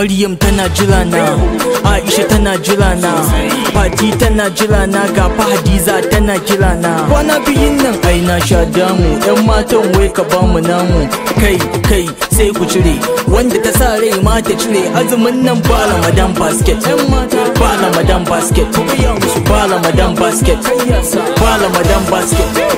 Maryam tana jira na Aisha tana jira na Fati tana jira na ga Hadiza tana jira na Kwana biyun nan ai na sha damu Yan matan wai ka bamu namu Kai kai sai ku cire Wanda ta sa rai ma ta cire Azumin nan ba Ramadan basket Yan mata ba Ramadan basket Ku biya ba Ramadan basket Ba Ramadan basket